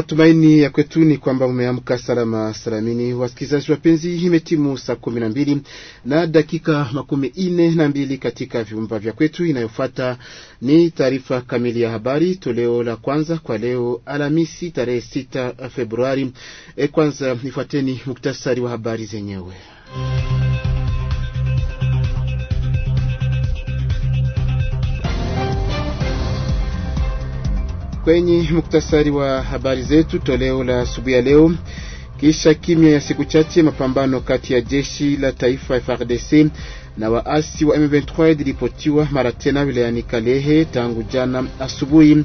Matumaini ya kwetu ni kwamba umeamka salama salamini. Wasikilizaji wapenzi, imetimu saa kumi na mbili na dakika makumi nne na mbili katika vyumba vya kwetu. Inayofuata ni taarifa kamili ya habari toleo la kwanza kwa leo Alhamisi tarehe sita Februari. E, kwanza ifuateni muktasari wa habari zenyewe. kwenye muktasari wa habari zetu toleo la asubuhi ya leo. Kisha kimya ya siku chache, mapambano kati ya jeshi la taifa FRDC na waasi wa M23 yaliripotiwa mara tena wilayani Kalehe tangu jana asubuhi.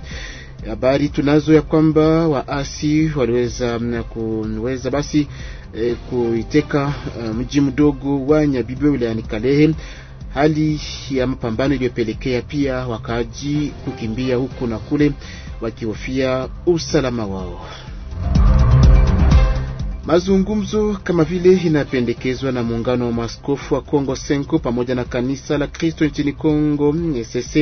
Habari tunazo ya kwamba waasi waliweza mm, kuweza basi e, kuiteka eh, mji um, mdogo wa Nyabibwe wilayani Kalehe, hali ya mapambano iliyopelekea pia wakaaji kukimbia huku na kule wakihofia usalama wao. Mazungumzo kama vile inapendekezwa na muungano wa maskofu wa Kongo Senko pamoja na kanisa la Kristo nchini Kongo ss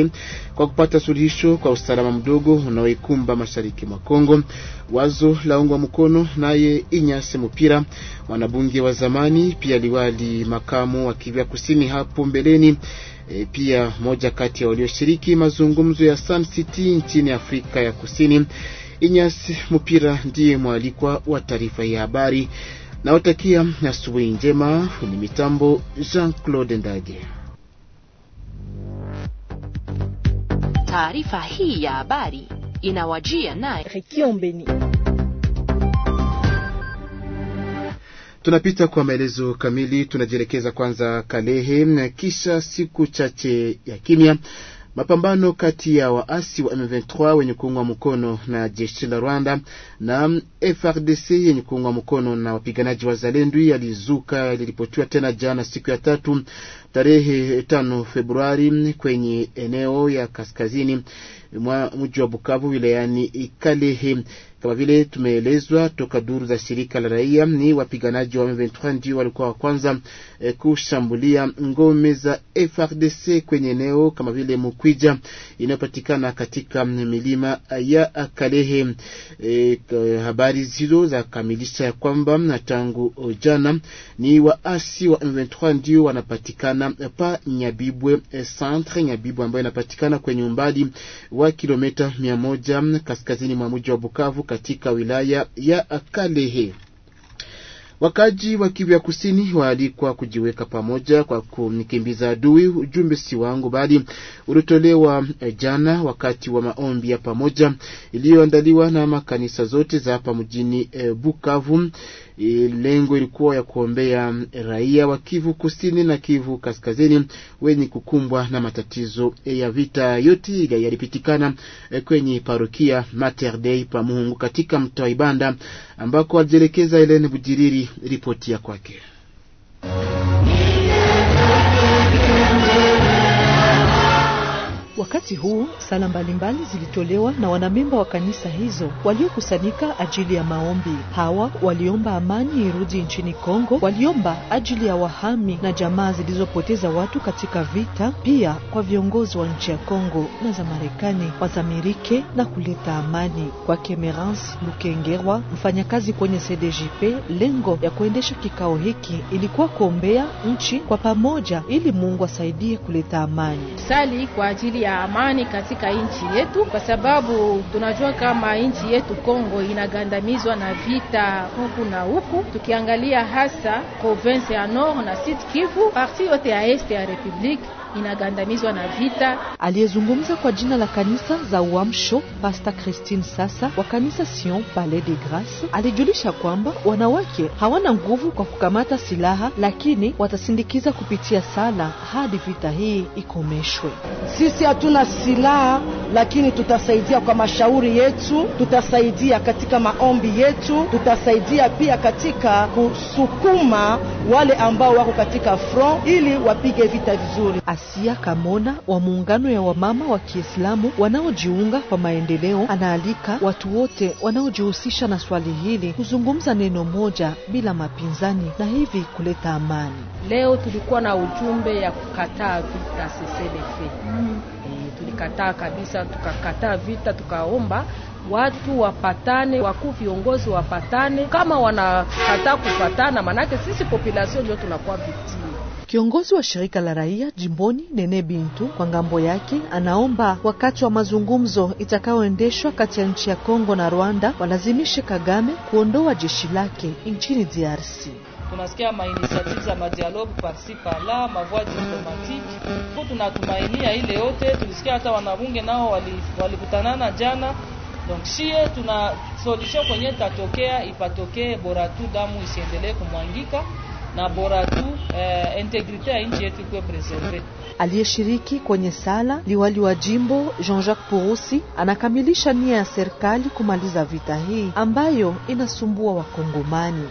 kwa kupata suluhisho kwa usalama mdogo unaoikumba mashariki mwa Kongo. Wazo laungwa mkono naye Inyase Mupira, mwanabunge wa zamani, pia liwali makamu wa Kivu Kusini hapo mbeleni. E, pia moja kati ya walioshiriki mazungumzo ya Sun City nchini Afrika ya Kusini, Inyas Mupira ndiye mwalikwa wa taarifa ya habari. Nawatakia asubuhi njema. Ni mitambo Jean Claude Ndage. Taarifa hii ya habari inawajia naye Rekiombeni. Tunapita kwa maelezo kamili, tunajielekeza kwanza Kalehe kisha siku chache ya kimya mapambano kati ya waasi wa M23 wenye kuungwa mkono na jeshi la Rwanda na FRDC yenye kuungwa mkono na wapiganaji wa zalendwi yalizuka yaliripotiwa tena jana siku ya tatu tarehe 5 Februari kwenye eneo ya kaskazini mwa mji wa Bukavu wilayani Kalehe. Kama vile tumeelezwa toka duru za shirika la raia, ni wapiganaji wa M23 ndio walikuwa wa kwanza e, kushambulia ngome za frdc kwenye eneo kama vile Mukwija inayopatikana katika milima ya Kalehe. E, habari zizo za kamilisha ya kwamba na tangu jana ni waasi wa M23 ndio wanapatikana pa Nyabibwe eh, centre, Nyabibwe ambayo inapatikana kwenye umbali wa kilomita 100 kaskazini mwa mji wa Bukavu katika wilaya ya Kalehe. Wakaji wa Kivu ya Kusini waalikwa kujiweka pamoja kwa kumkimbiza adui. Ujumbe si wangu bali ulitolewa eh, jana wakati wa maombi ya pamoja iliyoandaliwa na makanisa zote za hapa mjini eh, Bukavu E, lengo ilikuwa ya kuombea mm, raia wa Kivu Kusini na Kivu Kaskazini wenye kukumbwa na matatizo e, ya vita. Yote yalipitikana e, kwenye parokia Mater Dei pa Muhungu katika mtaa Ibanda ambako alijielekeza Helene bujiriri ripoti ya kwake. Wakati huo sala mbalimbali zilitolewa na wanamemba wa kanisa hizo waliokusanyika ajili ya maombi. Hawa waliomba amani irudi nchini Kongo, waliomba ajili ya wahami na jamaa zilizopoteza watu katika vita, pia kwa viongozi wa nchi ya Kongo na za Marekani wazamirike na kuleta amani. Kwa Kemerance Lukengerwa, mfanyakazi kwenye cdgp lengo ya kuendesha kikao hiki ilikuwa kuombea nchi kwa pamoja ili Mungu asaidie kuleta amani. Sali kwa ajili ya amani katika nchi yetu, kwa sababu tunajua kama nchi yetu Kongo inagandamizwa na vita huku na huku, tukiangalia hasa province ya Nord na Sud Kivu, parti yote ya este ya republique inagandamizwa na vita. Aliyezungumza kwa jina la kanisa za Uamsho, Pasta Christine Sasa wa kanisa Sion Palais de Grace alijulisha kwamba wanawake hawana nguvu kwa kukamata silaha, lakini watasindikiza kupitia sala hadi vita hii ikomeshwe. Sisi hatuna silaha, lakini tutasaidia kwa mashauri yetu, tutasaidia katika maombi yetu, tutasaidia pia katika kusukuma wale ambao wako katika front ili wapige vita vizuri. Asia Kamona wa muungano ya wamama wa Kiislamu wanaojiunga kwa maendeleo anaalika watu wote wanaojihusisha na swali hili kuzungumza neno moja bila mapinzani na hivi kuleta amani. Leo tulikuwa na ujumbe ya kukataa vita seselefe. Mm. E, tulikataa kabisa, tukakataa vita, tukaomba watu wapatane, wakuu viongozi wapatane. Kama wanakataa kupatana, manake sisi population ndio tunakuwa vitii Kiongozi wa shirika la raia jimboni Nene Bintu kwa ngambo yake anaomba wakati wa mazungumzo itakayoendeshwa kati ya nchi ya Kongo na Rwanda walazimishe Kagame kuondoa jeshi lake nchini DRC. Tunasikia mainisiative za madialogue parsi pala mavua diplomatiki ku, tunatumainia ile yote. Tulisikia hata wanabunge nao walikutanana wali jana Donc shie tuna solution kwenye tatokea ipatokee, bora tu damu isiendelee kumwangika na bora tu eh, integrite ya nchi yetu ikuwe preserve. Aliyeshiriki kwenye sala liwali wa jimbo Jean-Jacques Purusi anakamilisha nia ya serikali kumaliza vita hii ambayo inasumbua Wakongomani.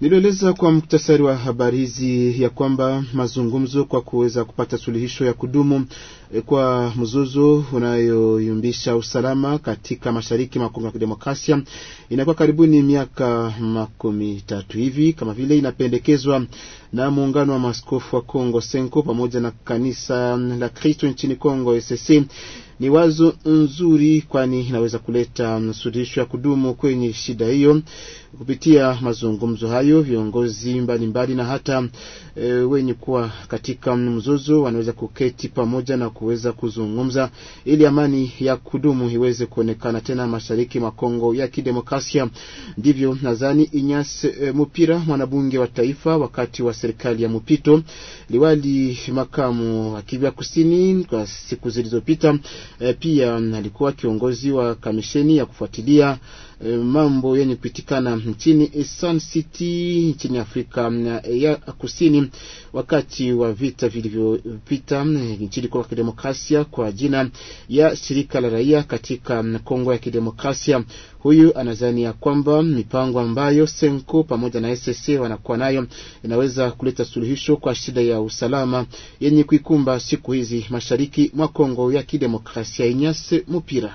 Nilieleza kwa muktasari wa habari hizi ya kwamba mazungumzo kwa kuweza kupata suluhisho ya kudumu eh, kwa mzozo unayoyumbisha usalama katika mashariki mwa Kongo ya Kidemokrasia inakuwa karibuni miaka makumi tatu hivi, kama vile inapendekezwa na muungano wa maskofu wa Kongo Senko pamoja na kanisa la Kristo nchini Kongo ECC ni wazo nzuri, kwani inaweza kuleta mm, suluhisho ya kudumu kwenye shida hiyo. Kupitia mazungumzo hayo, viongozi mbalimbali mbali na hata e, wenye kuwa katika mm, mzozo wanaweza kuketi pamoja na kuweza kuzungumza ili amani ya kudumu iweze kuonekana tena mashariki mwa Kongo ya Kidemokrasia. Ndivyo nadhani Inyas e, Mupira, mwanabunge wa taifa wakati wa serikali ya mpito, liwali makamu wa Kivu Kusini, kwa siku zilizopita Eh, pia um, alikuwa kiongozi wa kamisheni ya kufuatilia e, mambo yenye kupitikana nchini Sun City nchini Afrika eh, ya Kusini wakati wa vita vilivyopita eh, nchini Kongo ya Kidemokrasia kwa jina ya shirika la raia katika mm, Kongo ya Kidemokrasia. Huyu anadhani ya kwamba mipango ambayo Senko pamoja na SSC wanakuwa nayo inaweza kuleta suluhisho kwa shida ya usalama yenye kuikumba siku hizi mashariki mwa Kongo ya Kidemokrasia. Inyase Mupira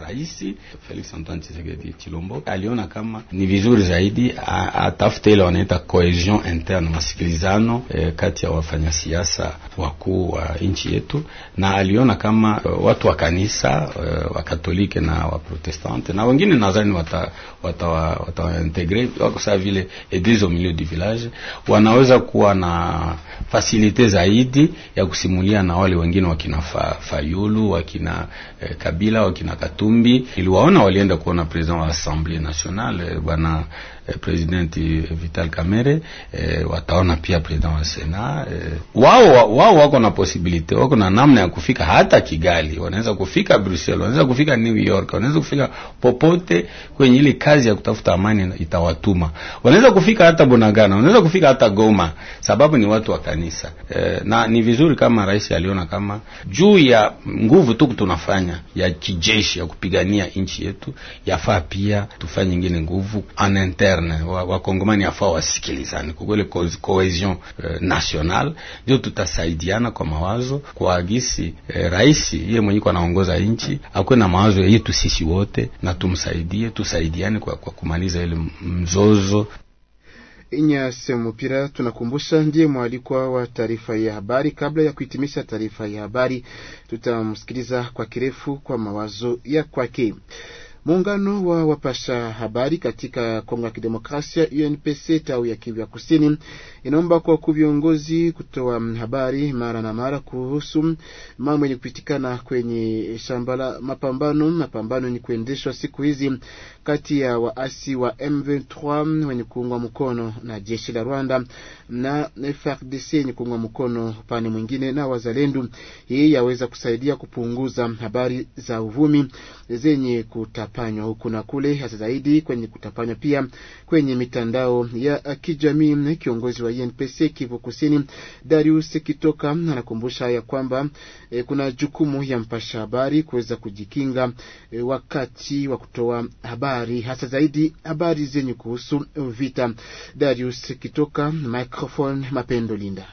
Rais Felix Antoine Tshisekedi Chilombo aliona kama ni vizuri zaidi atafute ile wanaita cohesion interne, masikilizano eh, kati ya wafanyasiasa wakuu wa nchi yetu, na aliona kama uh, watu wa kanisa uh, wa Katolike na wa Protestante na wengine nadhani wata watawaintegre wata, wata wakosaa vile eglise au milieu du village, wanaweza kuwa na fasilite zaidi ya kusimulia na wale wengine wakina fa, Fayulu wakina eh, Kabila wakina Kata Katumbi iliwaona, walienda kuona president wa Assemblée Nationale bwana eh, presidenti Vital Kamerhe eh, wataona pia president wa Sena eh, wao wao wako na possibility, wako na namna ya kufika hata Kigali, wanaweza kufika Brussels, wanaweza kufika New York, wanaweza kufika popote kwenye ile kazi ya kutafuta amani itawatuma, wanaweza kufika hata Bunagana, wanaweza kufika hata Goma, sababu ni watu wa kanisa eh, na ni vizuri kama rais aliona kama juu ya nguvu tu tunafanya ya kijeshi ya kupigania nchi yetu, yafaa pia tufanye nyingine nguvu anenter interne, wakongomani wa afaa wasikilizane kwa kweli, cohesion eh, national ndio tutasaidiana kwa mawazo kwa gisi eh, rais yeye mwenyewe anaongoza nchi akwe na mawazo yetu sisi wote, na tumsaidie, tusaidiane kwa, kwa kumaliza ile mzozo. Inyase Mupira tunakumbusha ndiye mwalikwa wa taarifa ya habari. Kabla ya kuhitimisha taarifa ya habari, tutamsikiliza kwa kirefu kwa mawazo ya kwake. Muungano wa wapasha habari katika Kongo ya Kidemokrasia, UNPC tau ya Kivu ya Kusini, inaomba kwa wakuu viongozi kutoa habari mara na mara kuhusu mambo yenye kupitikana kwenye shamba la mapambano, mapambano yenye kuendeshwa siku hizi kati ya waasi wa M23 wenye kuungwa mkono na jeshi la Rwanda na FARDC yenye kuungwa mkono upande mwingine na wazalendo. Hii yaweza kusaidia kupunguza habari za uvumi zenye kuta kutapanywa huku na kule, hasa zaidi kwenye kutapanywa pia kwenye mitandao ya kijamii. Kiongozi wa UNPC Kivu Kusini Darius Kitoka anakumbusha ya kwamba e, kuna jukumu ya mpasha habari kuweza kujikinga e, wakati wa kutoa habari, hasa zaidi habari zenye kuhusu vita. Darius Kitoka, microphone Mapendo Linda.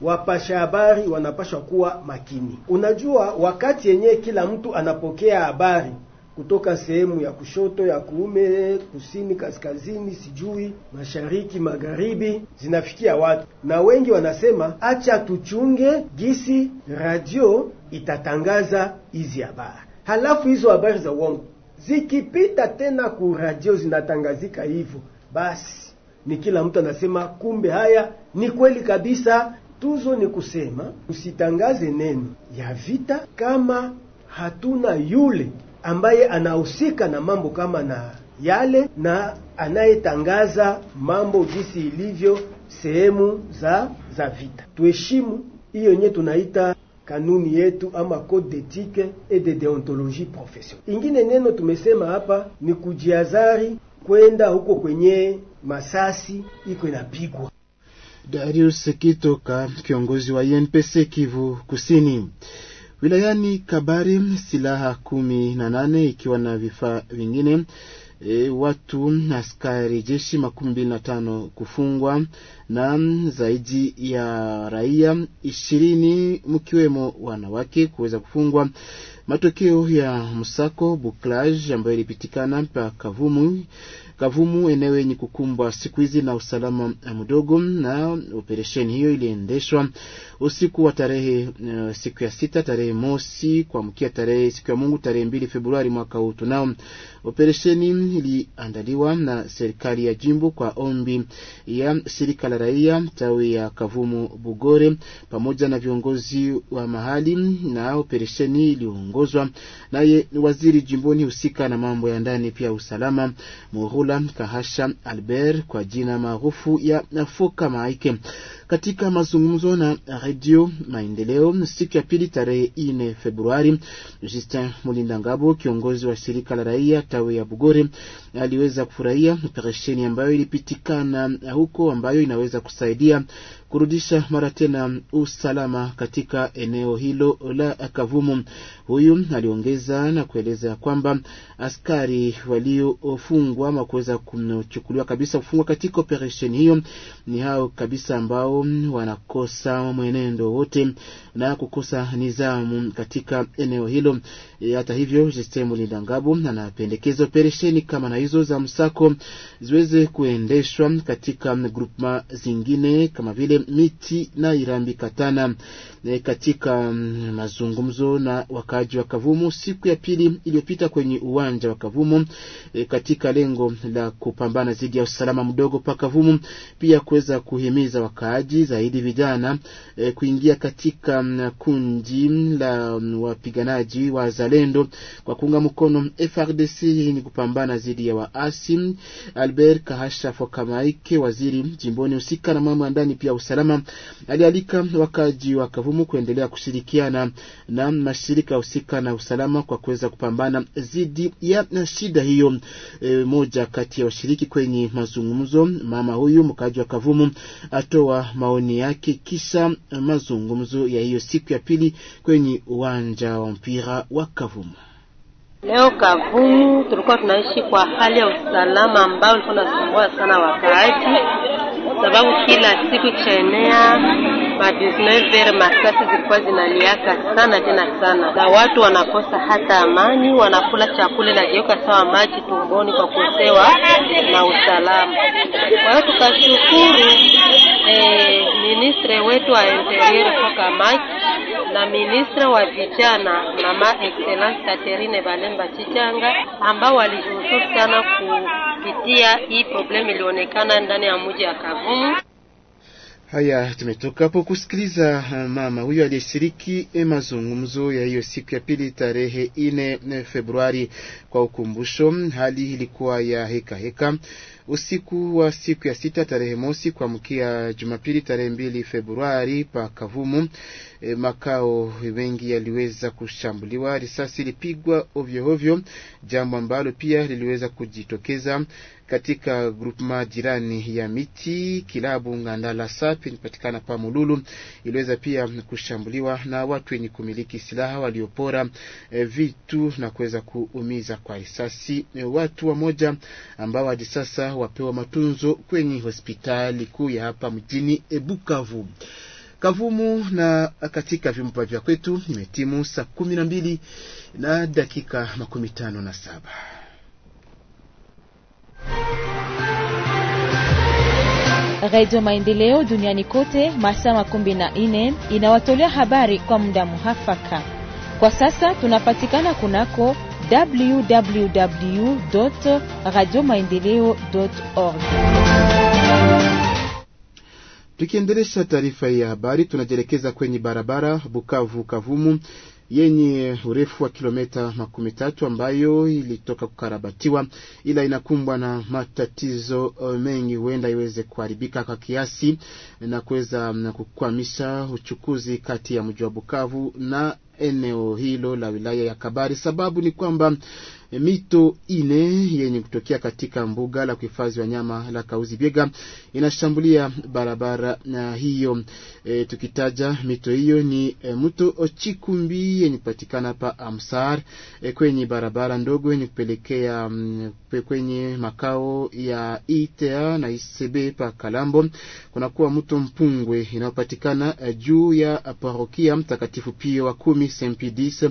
Wapasha habari wanapashwa kuwa makini. Unajua, wakati yenyewe kila mtu anapokea habari kutoka sehemu ya kushoto, ya kuume, kusini, kaskazini, sijui mashariki, magharibi, zinafikia watu, na wengi wanasema acha tuchunge gisi radio itatangaza hizi habari, halafu hizo habari za uongo zikipita tena ku radio zinatangazika hivyo, basi ni kila mtu anasema kumbe haya ni kweli kabisa. Tuzo ni kusema usitangaze neno ya vita kama hatuna yule ambaye anahusika na mambo kama na yale na anayetangaza mambo jinsi ilivyo sehemu za za vita. Tuheshimu hiyo nye tunaita kanuni yetu ama code d'éthique et de deontologie professionnelle. Ingine neno tumesema hapa ni kujiazari kwenda huko kwenye masasi iko inapigwa. Darius Kitoka, kiongozi wa INPC Kivu Kusini wilayani Kabari silaha kumi na nane ikiwa na vifaa vingine E, watu askari jeshi makumi mbili na tano kufungwa na zaidi ya raia ishirini mkiwemo wanawake kuweza kufungwa. Matokeo ya msako Buklaj ambayo ilipitikana pa Kavumu, Kavumu eneo yenye kukumbwa siku hizi na usalama mdogo, na operesheni hiyo iliendeshwa usiku wa tarehe uh, siku ya sita tarehe mosi kuamkia tarehe siku ya Mungu tarehe mbili Februari mwaka huu. Tunao operesheni iliandaliwa na serikali ya jimbo kwa ombi ya shirika la raia tawi ya Kavumu Bugore pamoja na viongozi wa mahali, na operesheni iliongozwa naye waziri jimboni husika na mambo ya ndani pia usalama Mughula Kahasha Albert kwa jina maarufu ya Nafoka Maike katika mazungumzo na Radio Maendeleo siku ya pili tarehe ine Februari. Justin Mulindangabo, kiongozi wa shirika la raia tawi ya Bugore, aliweza kufurahia operesheni ambayo ilipitikana eh, huko, ambayo inaweza kusaidia kurudisha mara tena usalama katika eneo hilo la Kavumu. Huyu aliongeza na kueleza ya kwamba askari waliofungwa ama kuweza kuchukuliwa kabisa kufungwa katika operesheni hiyo ni hao kabisa ambao wanakosa mwenendo wote na kukosa nizamu katika eneo hilo. Eh, hata hivyo, Justin Mulindangabu anapendekeza operesheni kama na hizo za msako ziweze kuendeshwa katika grupma zingine kama vile miti na Irambi Katana. E, katika mm, mazungumzo na wakaaji wa Kavumu siku ya pili iliyopita kwenye uwanja wa Kavumu e, katika lengo la kupambana dhidi ya usalama mdogo pa Kavumu, pia kuweza kuhimiza wakaaji zaidi vijana e, kuingia katika mm, kundi la mm, wapiganaji wa Zalendo kwa kuunga mkono FARDC ni kupambana dhidi ya waasi. Albert Kahasha Fokamaike, waziri jimboni husika na mambo ya ndani pia usalama, alialika wakaji wa Kavumu kuendelea kushirikiana na mashirika husika na usalama kwa kuweza kupambana dhidi ya shida hiyo. E, moja kati ya washiriki kwenye mazungumzo, mama huyu mkaaji wa Kavumu atoa maoni yake kisha mazungumzo ya hiyo siku ya pili kwenye uwanja wa mpira wa Kavumu. Leo Kavumu tulikuwa tunaishi kwa hali ya usalama ambao ulikuwa unasumbua sana wakati sababu kila siku chaenea ma masasi zilikuwa zinaniaka sana tena sana, na watu wanakosa hata amani, wanakula chakula nageuka sawa maji tumboni kwa kuosewa na usalama. Kwa hiyo tukashukuru eh, ministre wetu wa interior toka maji na ministre wa vijana mama excellence Catherine Balemba Chichanga ambao walijihusisha sana kupitia hii problemu ilionekana ndani ya mji ya Kavumu Haya, tumetoka hapo kusikiliza mama huyo aliyeshiriki e, mazungumzo ya hiyo siku ya pili tarehe ine e, Februari. Kwa ukumbusho, hali ilikuwa ya heka heka usiku wa siku ya sita tarehe mosi kuamkia Jumapili tarehe mbili Februari pa Kavumu. E, makao mengi yaliweza kushambuliwa, risasi ilipigwa ovyo ovyo, jambo ambalo pia liliweza kujitokeza katika grupma jirani ya miti. Kilabu Ngandala Sapi inapatikana pa Mululu iliweza pia kushambuliwa na watu wenye kumiliki silaha waliopora e, vitu na kuweza kuumiza kwa risasi e, watu wamoja ambao hadi sasa wapewa matunzo kwenye hospitali kuu ya hapa mjini e, Bukavu. Kavumu na katika viumba vya kwetu imetimu saa kumi na mbili na dakika makumi tano na saba. Radio Maendeleo duniani kote masaa makumi na nne inawatolea habari kwa muda muhafaka. Kwa sasa tunapatikana kunako www radio maendeleo org. Tukiendelesha taarifa ya habari, tunajielekeza kwenye barabara Bukavu Kavumu yenye urefu wa kilomita makumi tatu ambayo ilitoka kukarabatiwa, ila inakumbwa na matatizo uh, mengi, huenda iweze kuharibika kwa kiasi na kuweza mm, kukwamisha uchukuzi kati ya mji wa Bukavu na eneo hilo la wilaya ya Kabari. Sababu ni kwamba eh, mito ine yenye kutokea katika mbuga la kuhifadhi wanyama la Kauzi Biega inashambulia barabara na hiyo e, tukitaja mito hiyo ni e, mto Chikumbi yenye kupatikana pa Amsar e, kwenye barabara ndogo yenye kupelekea mm, kwenye makao ya ITA na ICB pa Kalambo. Kunakuwa mto Mpungwe inayopatikana juu ya parokia Mtakatifu Pio wa kumi Sempidis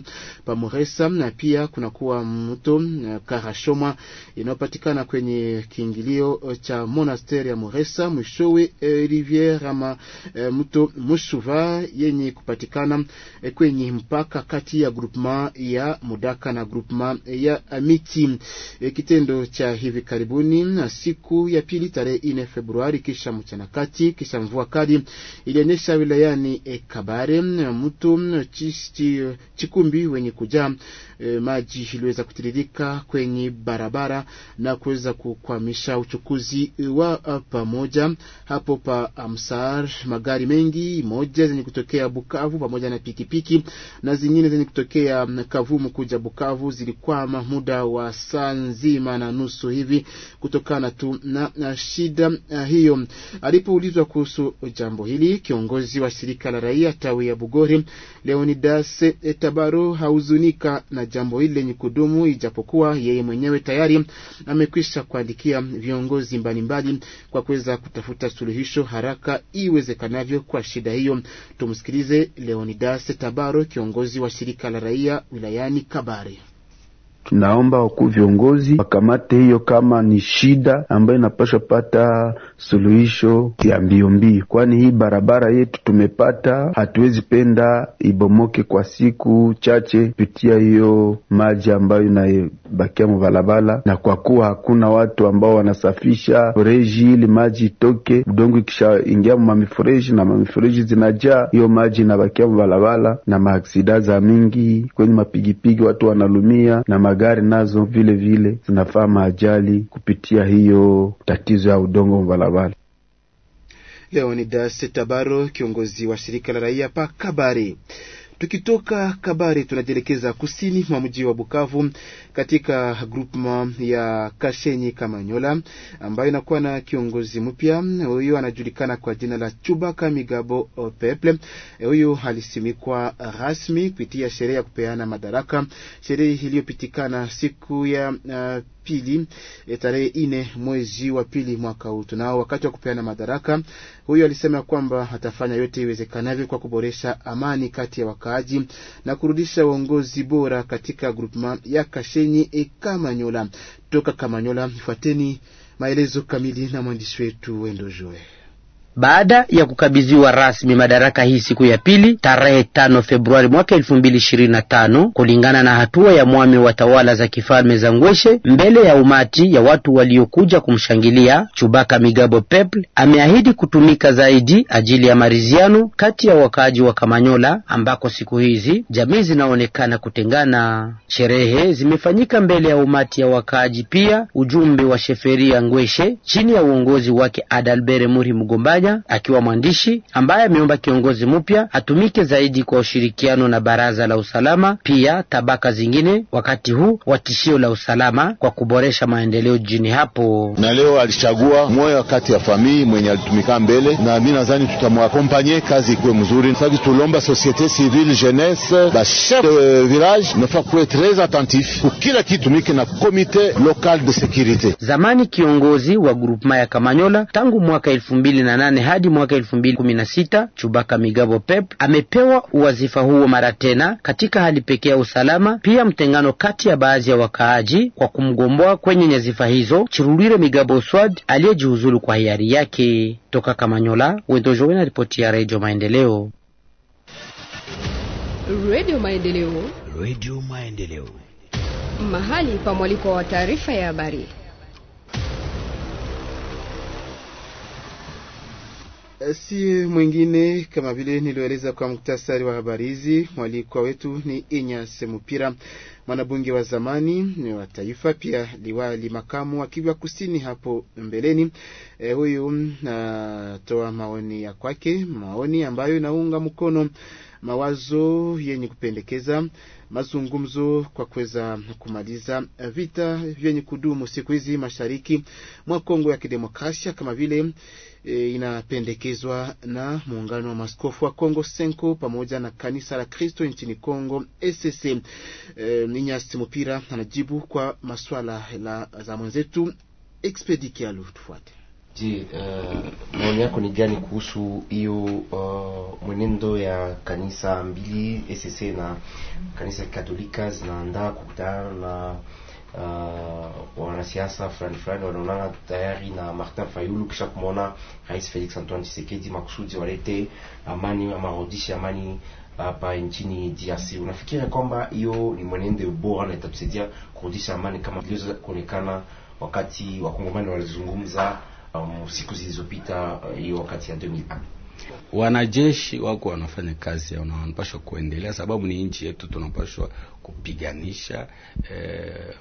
Pamoresa na pia kunakuwa mto eh, Karashoma inayopatikana kwenye kiingilio eh, cha monasteri ya Moresa, mwishowe eh, riviere ama eh, mto Mushuva yenye kupatikana eh, kwenye mpaka kati ya grupma ya Mudaka na grupma eh, ya Amiti. Eh, kitendo cha hivi karibuni na siku ya pili tarehe 4 Februari kisha mchana kati kisha mvua kali ilionyesha wilayani eh, Kabare mto chish, kijiji eh, Chikumbi wenye kujaa e, maji iliweza kutiririka kwenye barabara na kuweza kukwamisha uchukuzi eh, wa pamoja hapo pa Amsar. Magari mengi moja zenye kutokea Bukavu pamoja na pikipiki na zingine zenye kutokea mm, Kavumu kuja Bukavu zilikwama muda wa saa nzima na nusu hivi kutokana tu na, na shida hiyo. Alipoulizwa kuhusu jambo hili, kiongozi wa shirika la raia tawi ya Bugori Leonidas Rais Tabaro hahuzunika na jambo hili lenye kudumu, ijapokuwa yeye mwenyewe tayari amekwisha kuandikia viongozi mbalimbali kwa kuweza kutafuta suluhisho haraka iwezekanavyo kwa shida hiyo. Tumsikilize Leonidas Tabaro, kiongozi wa shirika la raia wilayani Kabare naomba wakuu viongozi wakamate hiyo kama ni shida ambayo inapasha pata suluhisho ya mbio mbio, kwani hii barabara yetu tumepata, hatuwezi penda ibomoke kwa siku chache kupitia hiyo maji ambayo inabakia mubalabala, na kwa kuwa hakuna watu ambao wanasafisha mfereji ili maji itoke, udongo ikishaingia mamifereji na mamifereji zinajaa, hiyo maji inabakia mubalabala na maaksida za mingi kwenye mapigipigi, watu wanalumia na magari nazo vile vile zinafaa maajali kupitia hiyo tatizo ya udongo mbalabali. Leonidas Tabaro, kiongozi wa shirika la raia pa Kabare. Tukitoka Kabare tunajielekeza kusini mwa mji wa Bukavu katika groupement ya Kashenyi Kamanyola ambayo inakuwa na kiongozi mpya. huyu anajulikana kwa jina la Chubaka Migabo Peple. Huyu alisimikwa rasmi kupitia sherehe ya kupeana madaraka, sherehe iliyopitikana siku ya uh, pili eh, tarehe ine mwezi wa pili mwaka huu. Tunao wakati wa kupeana madaraka, huyo alisema kwamba atafanya yote iwezekanavyo kwa kuboresha amani kati ya wakaaji na kurudisha uongozi bora katika grupema ya Kashenyi e Kamanyola. Toka Kamanyola, fuateni maelezo kamili na mwandishi wetu Wendo baada ya kukabidhiwa rasmi madaraka hii siku ya pili tarehe 5 Februari mwaka tano kulingana na hatua ya mwami wa tawala za kifalme za Ngweshe mbele ya umati ya watu waliokuja kumshangilia, Chubaka Migabo Peple ameahidi kutumika zaidi ajili ya maridhiano kati ya wakaaji wa Kamanyola ambako siku hizi jamii zinaonekana kutengana. Sherehe zimefanyika mbele ya umati ya wakaaji, pia ujumbe wa sheferia Ngweshe chini ya uongozi wake Adalbere Muri Mugombaji Masanya akiwa mwandishi ambaye ameomba kiongozi mpya atumike zaidi kwa ushirikiano na baraza la usalama, pia tabaka zingine wakati huu wa tishio la usalama kwa kuboresha maendeleo jini hapo. Na leo alichagua moyo kati ya famii mwenye alitumika mbele, na mi nadhani tutamwakompanye kazi ikuwe mzuri. Sasa tulomba societe civile jeunesse ba chef de village nafaa kuwe tres attentif kukila kitu miki na komite local de securite. Zamani kiongozi wa grupema ya Kamanyola tangu mwaka elfu mbili na nane nane hadi mwaka elfu mbili kumi na sita Chubaka Migabo Pep amepewa uwazifa huo mara tena katika hali pekee ya usalama, pia mtengano kati ya baadhi ya wakaaji kwa kumgomboa kwenye nyazifa hizo. Chirulire Migabo Swad aliyejiuzulu kwa hiari yake toka Kamanyola. Wendojowe na ripoti ya Redio Maendeleo. Redio Maendeleo, Redio Maendeleo, mahali pa mwaliko wa taarifa ya habari. Eh, si mwingine kama vile nilioeleza kwa muktasari wa habari hizi. Mwalikwa wetu ni Inyas Semupira, mwanabunge wa zamani wa taifa, pia liwali makamu wa Kivu Kusini hapo mbeleni. E, huyu natoa maoni ya kwake, maoni ambayo inaunga mkono mawazo yenye kupendekeza mazungumzo kwa kuweza kumaliza vita vyenye kudumu siku hizi mashariki mwa Kongo ya Kidemokrasia kama vile e, inapendekezwa na muungano wa maskofu wa Kongo Senko pamoja na kanisa la Kristo nchini Kongo SSC. E, Ninyas Mupira anajibu kwa maswala la za mwenzetu Expedi Kialu, tufuate. Je, uh, maoni yako ni gani kuhusu hiyo uh, mwenendo ya kanisa mbili SSC na kanisa Katolika zinaandaa kukutana na uh, wanasiasa fulani fulani wanaonana tayari na Martin Fayulu kisha kumwona Rais Felix Antoine Tshisekedi makusudi walete amani ama warudishe amani uh, hapa nchini DRC. Unafikiri kwamba hiyo ni mwenende bora na itatusaidia kurudisha amani kama iliweza kuonekana wakati wakongomani walizungumza um, siku zilizopita uh, hiyo uh, wakati ya 2000 Wanajeshi wako wanafanya kazi yao na wanapashwa kuendelea, sababu ni nchi yetu, tunapashwa kupiganisha e,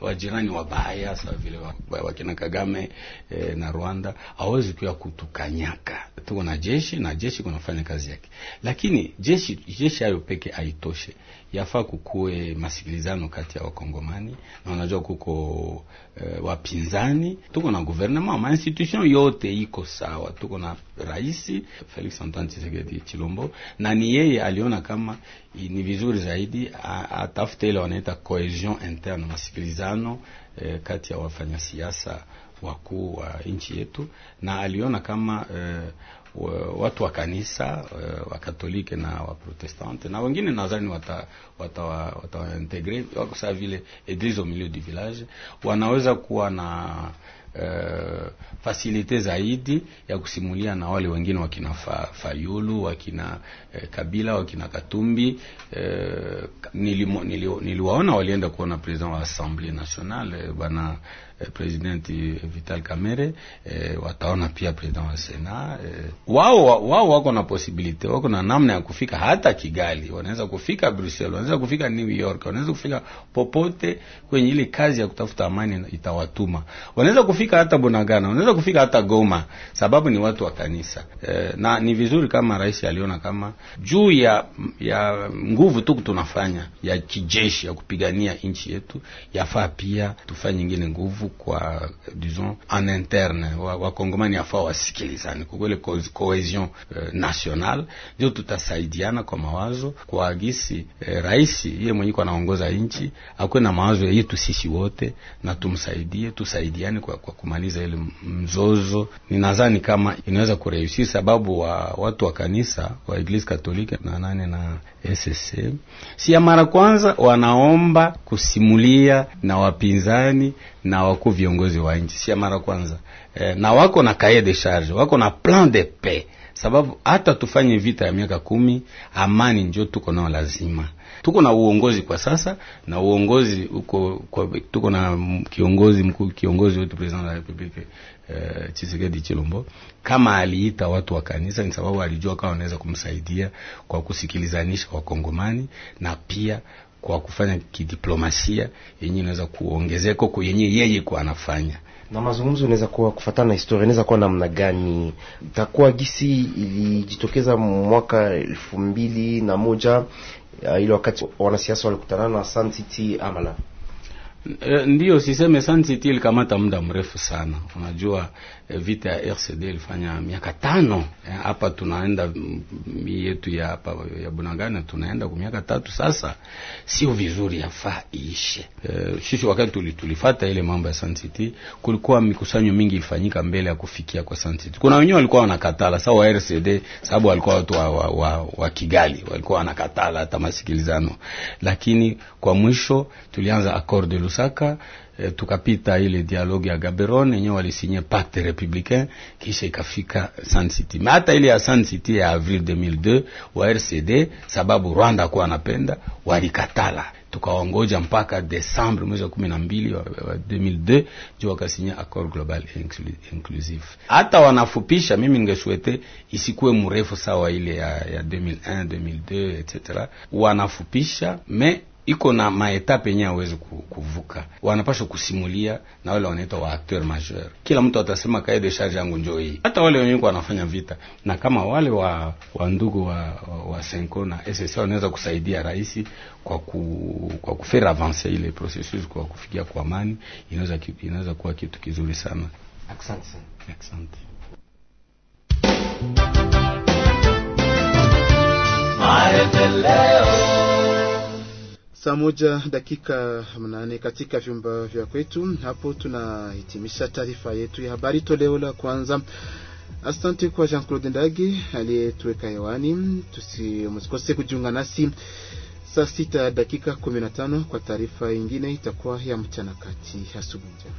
wajirani wabaya sawa vile wakina Kagame e, na Rwanda hawezi kuya kutukanyaka. Tuko na jeshi na jeshi kunafanya kazi yake, lakini jeshi jeshi hayo peke haitoshe yafaa kukuwe masikilizano kati ya wakongomani na unajua, kuko e, wapinzani, tuko na guvernema, ma institution yote iko sawa. Tuko na rais Felix Antoine Tshisekedi Chilombo, na ni yeye aliona kama ni vizuri zaidi atafute ile wanaita cohesion interne, masikilizano e, kati ya wafanyasiasa wakuu wa nchi yetu, na aliona kama e, watu wa kanisa wa Katolike na wa Protestante na wengine nadhani wata watawaintegre wata wako saa vile eglise au milieu du village wanaweza kuwa na uh, eh, fasilite zaidi ya kusimulia na wale wengine wakina fa, Fayulu wakina eh, Kabila wakina Katumbi eh, niliwaona nili, nili walienda kuona president wa Assemblée Nationale eh, bana Eh, presidenti eh, Vital Kamere eh, wataona pia president wa Sena eh, wao wao wako na posibilite wako na namna ya kufika hata Kigali, wanaweza kufika Brussels, wanaweza kufika New York, wanaweza kufika popote kwenye ile kazi ya kutafuta amani itawatuma, wanaweza kufika hata Bunagana, wanaweza kufika hata Goma, sababu ni watu wa kanisa eh, na ni vizuri kama rais aliona kama juu ya ya nguvu tu tunafanya ya kijeshi ya kupigania nchi yetu, yafaa pia tufanye nyingine nguvu kwa disons en interne wakongomani wa afaa wasikilizane kwa kweli cohesion eh, nationale ndio tutasaidiana kwa mawazo kwa agisi eh, rais yeye mwenyewe naongoza nchi akuwe na mawazo yetu sisi wote na tumsaidie tusaidiane kwa, kwa kumaliza ile mzozo. Ninadhani kama inaweza kureusii sababu wa watu wa kanisa wa Eglise Katolike na nane na SSM si ya mara kwanza wanaomba kusimulia na wapinzani na wakuu viongozi wa nchi, si ya mara kwanza e, na wako na cahier de charge, wako na plan de paix sababu hata tufanye vita ya miaka kumi, amani njo tuko nao lazima. Tuko na uongozi kwa sasa na uongozi uko kwa, tuko na kiongozi mkuu, kiongozi wetu president la republique eh, Tshisekedi Chilombo, kama aliita watu wa kanisa ni sababu alijua kama wanaweza kumsaidia kwa kusikilizanisha wakongomani na pia kwa kufanya kidiplomasia yenye inaweza kuongezeka kwa yenye yeye kwa anafanya na mazungumzo inaweza kuwa kufatana na historia, inaweza kuwa namna gani? Takuwa gisi ilijitokeza mwaka elfu mbili na moja uh, ile wakati wanasiasa walikutana na Sun City Amala. Eh, Ndiyo, siseme Sun City ilikamata muda mrefu sana, unajua Eh, vita ya RCD ilifanya miaka tano eh, hapa, tunaenda mm, mi yetu ya hapa ya Bunagana, tunaenda kwa miaka tatu sasa. Sio vizuri, yafaa iishe. E, sisi wakati tuli, tulifata ile mambo ya City, kulikuwa mikusanyo mingi ifanyika mbele ya kufikia kwa City. Kuna wenyewe walikuwa wanakatala sawa wa RCD, sababu walikuwa watu wa, wa, wa, wa Kigali walikuwa wanakatala hata masikilizano, lakini kwa mwisho tulianza accord de Lusaka Eh, tukapita ile dialogue ya Gaborone yenyewe walisinye pacte républicain, kisha ikafika San City. Na hata ile ya San City ya Avril 2002 wa RCD, sababu Rwanda kwa anapenda walikatala tukaongoja mpaka Desemba mwezi wa 12 na wa 2002 ndio wakasinya accord global inclusive. Hata wanafupisha, mimi ningeswete isikuwe mrefu sawa ile ya, ya 2001 2002 etc. Wanafupisha me iko na maetape yenye hawezi kuvuka, wanapasha kusimulia na wale wanaitwa wa acteur majeur. Kila mtu atasema kae de charge yangu njo hii, hata wale wenyewe wanafanya vita, na kama wale wa, wa ndugu wa, wa, Senko na SSA wanaweza kusaidia rais kwa ku, kwa kufaire avance ile processus kwa kufikia kwa amani, inaweza inaweza kuwa kitu kizuri sana. Asante asante. Maendeleo Saa moja dakika mnane katika vyumba vya kwetu. Hapo tunahitimisha taarifa yetu ya habari toleo la kwanza. Asante kwa Jean Claude Ndagi aliyetuweka hewani. Tusimsikose kujiunga nasi saa sita dakika kumi na tano kwa taarifa ingine, itakuwa ya mchana kati. Asubuhi njema.